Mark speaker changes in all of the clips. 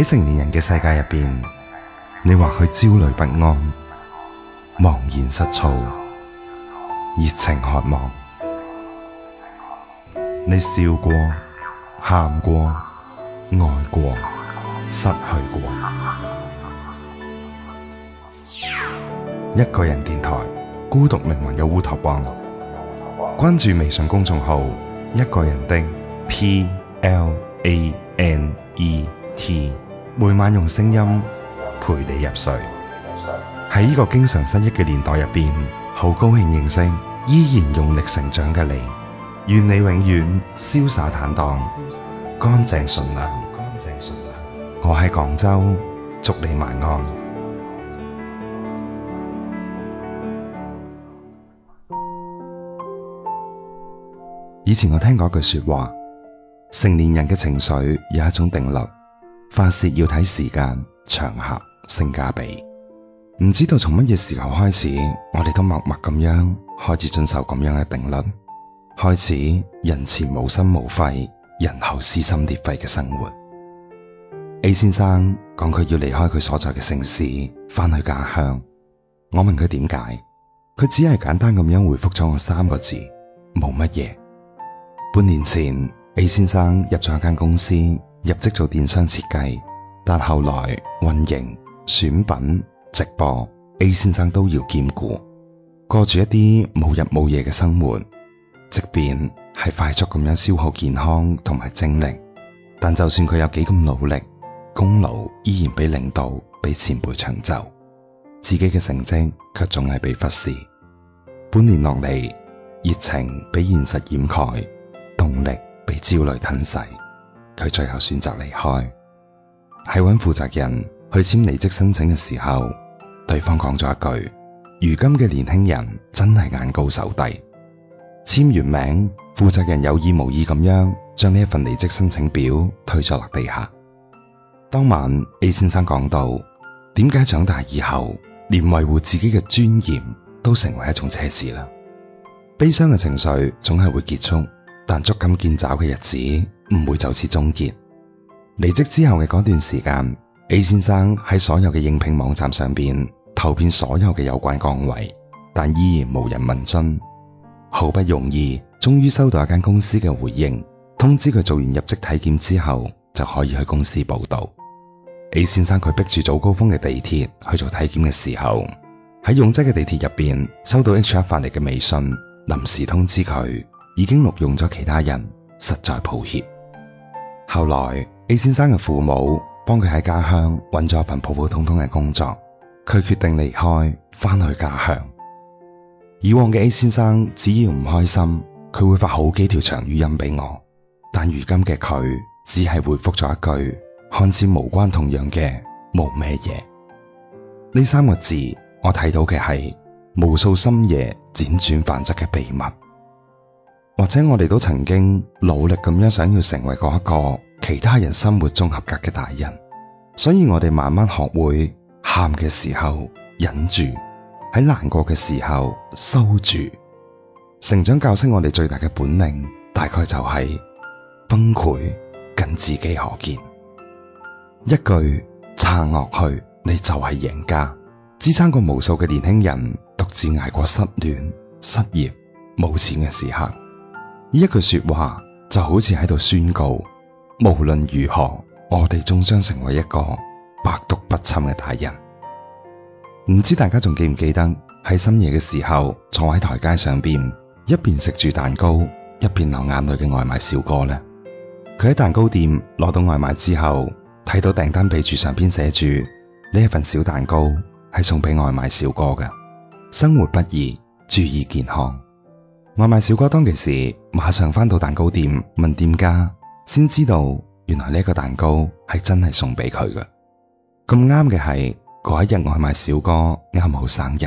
Speaker 1: 喺成年人嘅世界入邊，你或許焦慮不安、茫然失措、熱情渴望。你笑過、喊過、愛過、失去過。一個人電台，孤獨靈魂有烏托邦。關注微信公眾號“一個人的 P L A N E T”。每晚用聲音陪你入睡。喺呢個經常失憶嘅年代入邊，好高興認識依然用力成長嘅你。願你永遠瀟灑坦蕩、乾淨純良。我喺廣州，祝你晚安。以前我聽過一句說話，成年人嘅情緒有一種定律。發泄要睇時間、場合、性價比。唔知道從乜嘢時候開始，我哋都默默咁樣開始遵守咁樣嘅定律，開始人前無心無肺，人後撕心裂肺嘅生活。A 先生講佢要離開佢所在嘅城市，翻去家鄉。我問佢點解，佢只係簡單咁樣回復咗我三個字：冇乜嘢。半年前，A 先生入咗一間公司。入職做電商設計，但後來運營、選品、直播，A 先生都要兼顧，過住一啲冇日冇夜嘅生活，即便係快速咁樣消耗健康同埋精力，但就算佢有幾咁努力，功勞依然俾領導、俾前輩搶走。自己嘅成績卻總係被忽視。半年落嚟，熱情被現實掩蓋，動力被焦慮吞噬。佢最後選擇離開，喺揾負責人去簽離職申請嘅時候，對方講咗一句：如今嘅年輕人真係眼高手低。簽完名，負責人有意無意咁樣將呢一份離職申請表推咗落地下。當晚 A 先生講到：點解長大以後，連維護自己嘅尊嚴都成為一種奢侈啊？悲傷嘅情緒總係會結束，但捉襟見肘嘅日子。唔會就此終結。離職之後嘅嗰段時間，A 先生喺所有嘅應聘網站上邊投遍所有嘅有關崗位，但依然無人問津。好不容易，終於收到一間公司嘅回應，通知佢做完入職體檢之後就可以去公司報道。A 先生佢逼住早高峰嘅地鐵去做體檢嘅時候，喺擁擠嘅地鐵入邊收到 HR 發嚟嘅微信，臨時通知佢已經錄用咗其他人，實在抱歉。後來 A 先生嘅父母幫佢喺家鄉揾咗一份普普通通嘅工作，佢決定離開，翻去家鄉。以往嘅 A 先生只要唔開心，佢會發好幾條長語音俾我，但如今嘅佢只係回覆咗一句看似無關痛癢嘅冇咩嘢。呢三個字，我睇到嘅係無數深夜輾轉反側嘅秘密。或者我哋都曾經努力咁樣想要成為過一個其他人生活中合格嘅大人，所以我哋慢慢學會，喊嘅時候忍住，喺難過嘅時候收住。成長教識我哋最大嘅本領，大概就係崩潰，僅自己可見。一句撐落去，你就係贏家，支撐過無數嘅年輕人獨自挨過失戀、失業、冇錢嘅時刻。呢一句說話就好似喺度宣告，無論如何，我哋終將成為一個百毒不侵嘅大人。唔知大家仲記唔記得喺深夜嘅時候，坐喺台階上邊，一邊食住蛋糕，一邊流眼淚嘅外賣小哥呢？佢喺蛋糕店攞到外賣之後，睇到訂單備注上邊寫住呢份小蛋糕係送俾外賣小哥嘅。生活不易，注意健康。外賣小哥當其時馬上翻到蛋糕店問店家，先知道原來呢個蛋糕係真係送俾佢嘅。咁啱嘅係嗰一日外賣小哥啱好生日，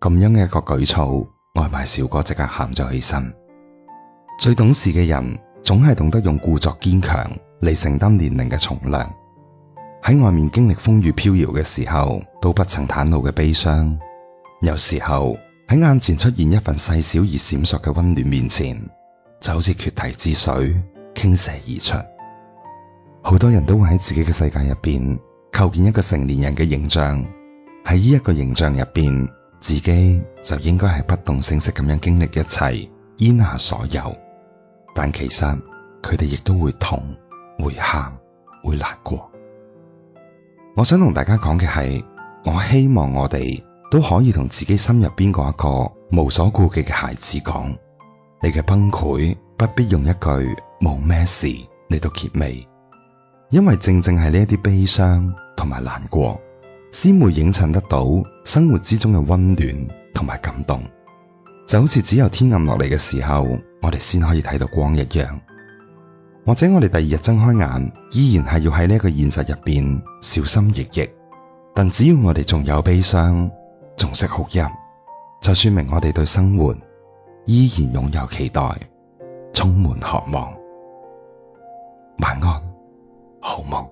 Speaker 1: 咁樣嘅一個舉措，外賣小哥即刻喊咗起身。最懂事嘅人，總係懂得用故作堅強嚟承擔年齡嘅重量。喺外面經歷風雨飄搖嘅時候，都不曾袒露嘅悲傷，有時候。喺眼前出現一份細小而閃爍嘅溫暖面前，就好似決堤之水傾瀉而出。好多人都會喺自己嘅世界入邊構建一個成年人嘅形象，喺呢一個形象入邊，自己就應該係不動聲色咁樣經歷一切，咽下所有。但其實佢哋亦都會痛、會喊、會難過。我想同大家講嘅係，我希望我哋。都可以同自己心入邊個一個無所顧忌嘅孩子講，你嘅崩潰不必用一句冇咩事嚟到結尾，因為正正係呢一啲悲傷同埋難過先會映襯得到生活之中嘅溫暖同埋感動，就好似只有天暗落嚟嘅時候，我哋先可以睇到光一樣。或者我哋第二日睜開眼，依然係要喺呢個現實入邊小心翼翼，但只要我哋仲有悲傷。仲識哭泣，就說明我哋對生活依然擁有期待，充滿渴望。晚安，好夢。